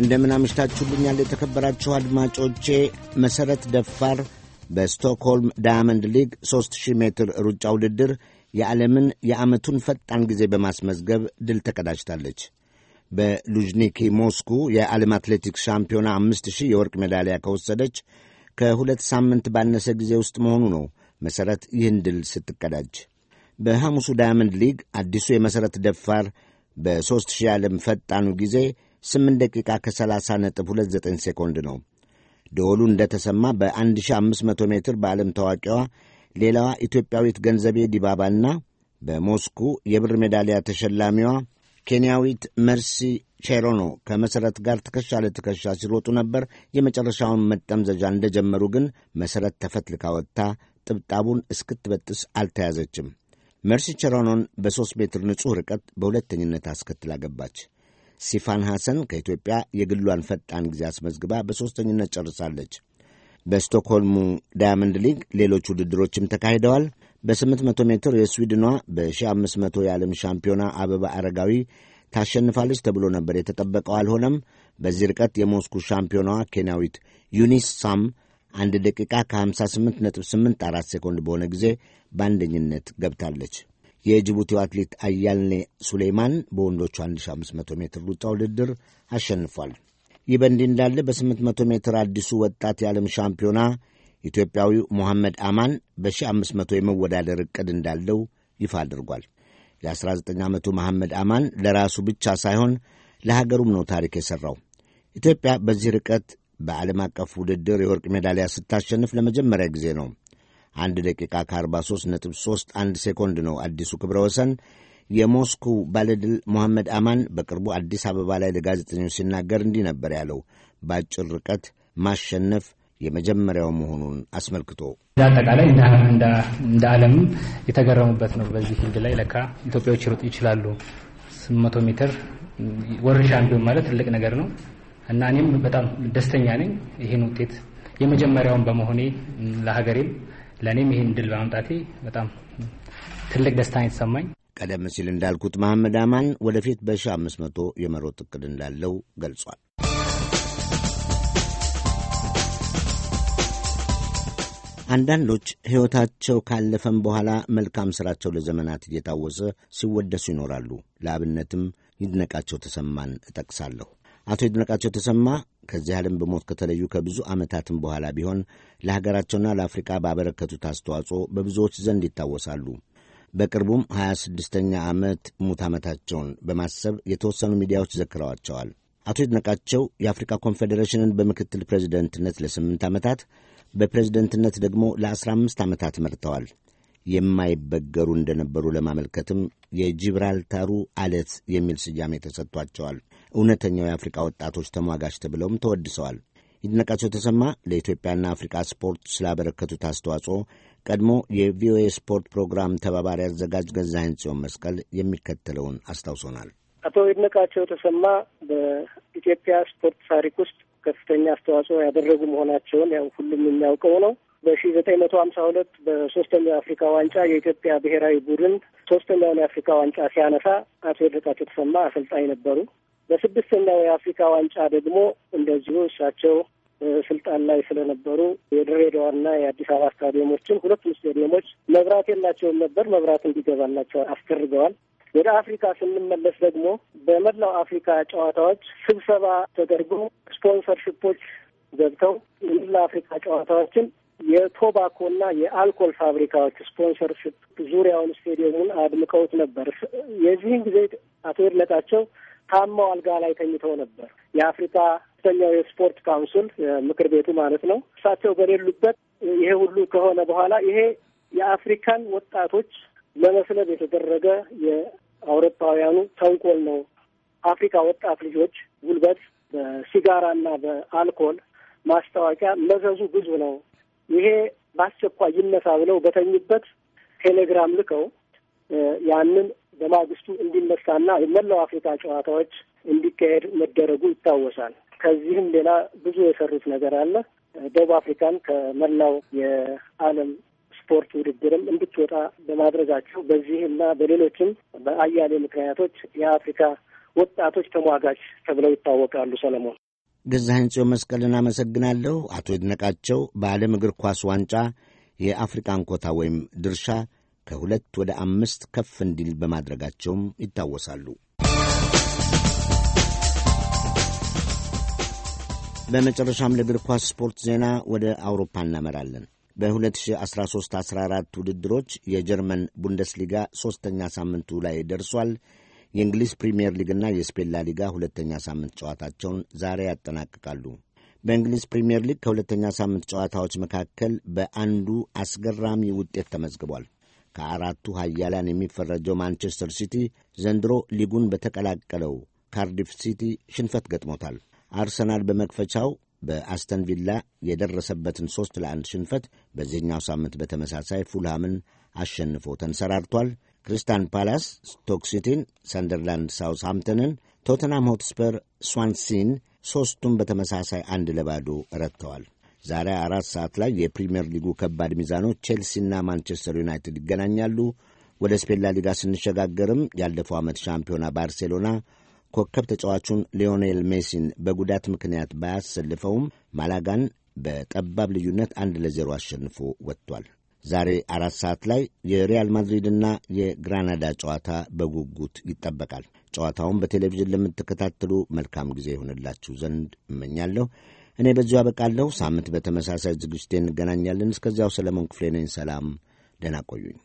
እንደምን አምሽታችሁልኛል የተከበራችሁ አድማጮቼ። መሠረት ደፋር በስቶክሆልም ዳያመንድ ሊግ 3000 ሜትር ሩጫ ውድድር የዓለምን የዓመቱን ፈጣን ጊዜ በማስመዝገብ ድል ተቀዳጅታለች። በሉዥኒኪ ሞስኩ የዓለም አትሌቲክስ ሻምፒዮና 5000 የወርቅ ሜዳሊያ ከወሰደች ከሁለት ሳምንት ባነሰ ጊዜ ውስጥ መሆኑ ነው መሠረት ይህን ድል ስትቀዳጅ። በሐሙሱ ዳያመንድ ሊግ አዲሱ የመሠረት ደፋር በ ሺህ ዓለም ፈጣኑ ጊዜ 8 ደቂቃ ከ30 ነጥብ 29 ሴኮንድ ነው። ደወሉ እንደተሰማ በ1500 ሜትር በዓለም ታዋቂዋ ሌላዋ ኢትዮጵያዊት ገንዘቤ ዲባባና በሞስኩ የብር ሜዳሊያ ተሸላሚዋ ኬንያዊት መርሲ ቼሮኖ ከመሠረት ጋር ትከሻ ለትከሻ ሲሮጡ ነበር። የመጨረሻውን መጠምዘዣ እንደጀመሩ ግን መሠረት ተፈትልካ ወጥታ ጥብጣቡን እስክትበጥስ አልተያዘችም። መርሲ ቼሮኖን በሦስት ሜትር ንጹሕ ርቀት በሁለተኝነት አስከትላ ገባች። ሲፋን ሐሰን ከኢትዮጵያ የግሏን ፈጣን ጊዜ አስመዝግባ በሦስተኝነት ጨርሳለች። በስቶክሆልሙ ዳያመንድ ሊግ ሌሎች ውድድሮችም ተካሂደዋል። በ800 ሜትር የስዊድኗ በ1500 የዓለም ሻምፒዮና አበባ አረጋዊ ታሸንፋለች ተብሎ ነበር የተጠበቀው፣ አልሆነም። በዚህ ርቀት የሞስኩ ሻምፒዮናዋ ኬንያዊት ዩኒስ ሳም አንድ ደቂቃ ከ58.84 ሴኮንድ በሆነ ጊዜ በአንደኝነት ገብታለች። የጅቡቲው አትሌት አያልኔ ሱሌይማን በወንዶቹ 1500 ሜትር ሩጫ ውድድር አሸንፏል። ይህ በእንዲህ እንዳለ በ800 ሜትር አዲሱ ወጣት የዓለም ሻምፒዮና ኢትዮጵያዊው ሞሐመድ አማን በ1500 የመወዳደር ዕቅድ እንዳለው ይፋ አድርጓል። የ19 ዓመቱ መሐመድ አማን ለራሱ ብቻ ሳይሆን ለሀገሩም ነው ታሪክ የሠራው። ኢትዮጵያ በዚህ ርቀት በዓለም አቀፍ ውድድር የወርቅ ሜዳሊያ ስታሸንፍ ለመጀመሪያ ጊዜ ነው። 1 ደቂቃ ከ 1 ሴኮንድ ነው አዲሱ ክብረ ወሰን። የሞስኩ ባለድል ሞሐመድ አማን በቅርቡ አዲስ አበባ ላይ ለጋዜጠኞች ሲናገር እንዲህ ነበር ያለው። በአጭር ርቀት ማሸነፍ የመጀመሪያው መሆኑን አስመልክቶ እንደ አጠቃላይ እንደ ዓለምም የተገረሙበት ነው። በዚህ ሂንድ ላይ ለካ ኢትዮጵያዎች ይሮጡ ይችላሉ። 800 ሜትር ወርልድ ሻምፒዮን ማለት ትልቅ ነገር ነው እና እኔም በጣም ደስተኛ ነኝ ይህን ውጤት የመጀመሪያውን በመሆኔ ለሀገሬም ለእኔም ይህን ድል በማምጣቴ በጣም ትልቅ ደስታ የተሰማኝ። ቀደም ሲል እንዳልኩት መሐመድ አማን ወደፊት በ1500 የመሮጥ እቅድ እንዳለው ገልጿል። አንዳንዶች ሕይወታቸው ካለፈም በኋላ መልካም ሥራቸው ለዘመናት እየታወሰ ሲወደሱ ይኖራሉ። ለአብነትም ይድነቃቸው ተሰማን እጠቅሳለሁ። አቶ ይድነቃቸው ተሰማ ከዚህ ዓለም በሞት ከተለዩ ከብዙ ዓመታትም በኋላ ቢሆን ለሀገራቸውና ለአፍሪቃ ባበረከቱት አስተዋጽኦ በብዙዎች ዘንድ ይታወሳሉ። በቅርቡም 26ኛ ዓመት ሙት ዓመታቸውን በማሰብ የተወሰኑ ሚዲያዎች ዘክረዋቸዋል። አቶ ይድነቃቸው የአፍሪካ ኮንፌዴሬሽንን በምክትል ፕሬዚደንትነት ለስምንት ዓመታት በፕሬዝደንትነት ደግሞ ለአስራ አምስት ዓመታት መርተዋል። የማይበገሩ እንደነበሩ ለማመልከትም የጂብራልታሩ አለት የሚል ስያሜ ተሰጥቷቸዋል። እውነተኛው የአፍሪቃ ወጣቶች ተሟጋች ተብለውም ተወድሰዋል። ይድነቃቸው ተሰማ ለኢትዮጵያና አፍሪቃ ስፖርት ስላበረከቱት አስተዋጽኦ ቀድሞ የቪኦኤ ስፖርት ፕሮግራም ተባባሪ አዘጋጅ ገዛኸኝ ጽዮን መስቀል የሚከተለውን አስታውሶናል። አቶ ይድነቃቸው ተሰማ በኢትዮጵያ ስፖርት ታሪክ ውስጥ ከፍተኛ አስተዋጽኦ ያደረጉ መሆናቸውን ያው ሁሉም የሚያውቀው ነው። በሺ ዘጠኝ መቶ ሀምሳ ሁለት በሶስተኛው የአፍሪካ ዋንጫ የኢትዮጵያ ብሔራዊ ቡድን ሶስተኛውን የአፍሪካ ዋንጫ ሲያነሳ አቶ ይድነቃቸው ተሰማ አሰልጣኝ ነበሩ። በስድስተኛው የአፍሪካ ዋንጫ ደግሞ እንደዚሁ እሳቸው ስልጣን ላይ ስለነበሩ የድሬዳዋና የአዲስ አበባ ስታዲየሞችን ሁለቱም ስታዲየሞች መብራት የላቸውም ነበር። መብራት እንዲገባላቸው አስደርገዋል። ወደ አፍሪካ ስንመለስ ደግሞ በመላው አፍሪካ ጨዋታዎች ስብሰባ ተደርጎ ስፖንሰርሽፖች ገብተው የመላው አፍሪካ ጨዋታዎችን የቶባኮና የአልኮል ፋብሪካዎች ስፖንሰርሽፕ ዙሪያውን ስቴዲየሙን አድምቀውት ነበር። የዚህን ጊዜ አቶ ይድነቃቸው ታመው አልጋ ላይ ተኝተው ነበር። የአፍሪካ ከፍተኛው የስፖርት ካውንስል ምክር ቤቱ ማለት ነው። እሳቸው በሌሉበት ይሄ ሁሉ ከሆነ በኋላ ይሄ የአፍሪካን ወጣቶች ለመስለብ የተደረገ የአውሮፓውያኑ ተንኮል ነው። አፍሪካ ወጣት ልጆች ጉልበት በሲጋራና በአልኮል ማስታወቂያ መዘዙ ብዙ ነው። ይሄ በአስቸኳይ ይነሳ ብለው በተኙበት ቴሌግራም ልከው ያንን በማግስቱ እንዲነሳና የመላው አፍሪካ ጨዋታዎች እንዲካሄድ መደረጉ ይታወሳል። ከዚህም ሌላ ብዙ የሰሩት ነገር አለ። ደቡብ አፍሪካን ከመላው የዓለም ስፖርት ውድድርም እንድትወጣ በማድረጋቸው በዚህ እና በሌሎችም በአያሌ ምክንያቶች የአፍሪካ ወጣቶች ተሟጋች ተብለው ይታወቃሉ። ሰለሞን ገዛኸኝ ጽዮን መስቀልን አመሰግናለሁ። አቶ ይድነቃቸው በዓለም እግር ኳስ ዋንጫ የአፍሪካን ኮታ ወይም ድርሻ ከሁለት ወደ አምስት ከፍ እንዲል በማድረጋቸውም ይታወሳሉ። በመጨረሻም ለእግር ኳስ ስፖርት ዜና ወደ አውሮፓ እናመራለን። በ2013-14 ውድድሮች የጀርመን ቡንደስሊጋ ሦስተኛ ሳምንቱ ላይ ደርሷል። የእንግሊዝ ፕሪምየር ሊግና የስፔን ሊጋ ሁለተኛ ሳምንት ጨዋታቸውን ዛሬ ያጠናቅቃሉ። በእንግሊዝ ፕሪምየር ሊግ ከሁለተኛ ሳምንት ጨዋታዎች መካከል በአንዱ አስገራሚ ውጤት ተመዝግቧል። ከአራቱ ኃያላን የሚፈረጀው ማንቸስተር ሲቲ ዘንድሮ ሊጉን በተቀላቀለው ካርዲፍ ሲቲ ሽንፈት ገጥሞታል። አርሰናል በመክፈቻው በአስተን ቪላ የደረሰበትን ሦስት ለአንድ ሽንፈት በዚህኛው ሳምንት በተመሳሳይ ፉልሃምን አሸንፎ ተንሰራርቷል። ክሪስታል ፓላስ ስቶክ ሲቲን፣ ሰንደርላንድ ሃምተንን፣ ቶተናም ሆትስፐር ስዋንሲን ሦስቱም በተመሳሳይ አንድ ለባዶ ረትተዋል። ዛሬ አራት ሰዓት ላይ የፕሪምየር ሊጉ ከባድ ሚዛኖች ቼልሲና ማንቸስተር ዩናይትድ ይገናኛሉ። ወደ ስፔን ላሊጋ ስንሸጋገርም ያለፈው ዓመት ሻምፒዮና ባርሴሎና ኮከብ ተጫዋቹን ሊዮኔል ሜሲን በጉዳት ምክንያት ባያሰልፈውም ማላጋን በጠባብ ልዩነት አንድ ለዜሮ አሸንፎ ወጥቷል። ዛሬ አራት ሰዓት ላይ የሪያል ማድሪድና የግራናዳ ጨዋታ በጉጉት ይጠበቃል። ጨዋታውን በቴሌቪዥን ለምትከታተሉ መልካም ጊዜ ይሆንላችሁ ዘንድ እመኛለሁ። እኔ በዚሁ አበቃለሁ። ሳምንት በተመሳሳይ ዝግጅቴ እንገናኛለን። እስከዚያው ሰለሞን ክፍሌ ነኝ። ሰላም፣ ደህና ቆዩኝ።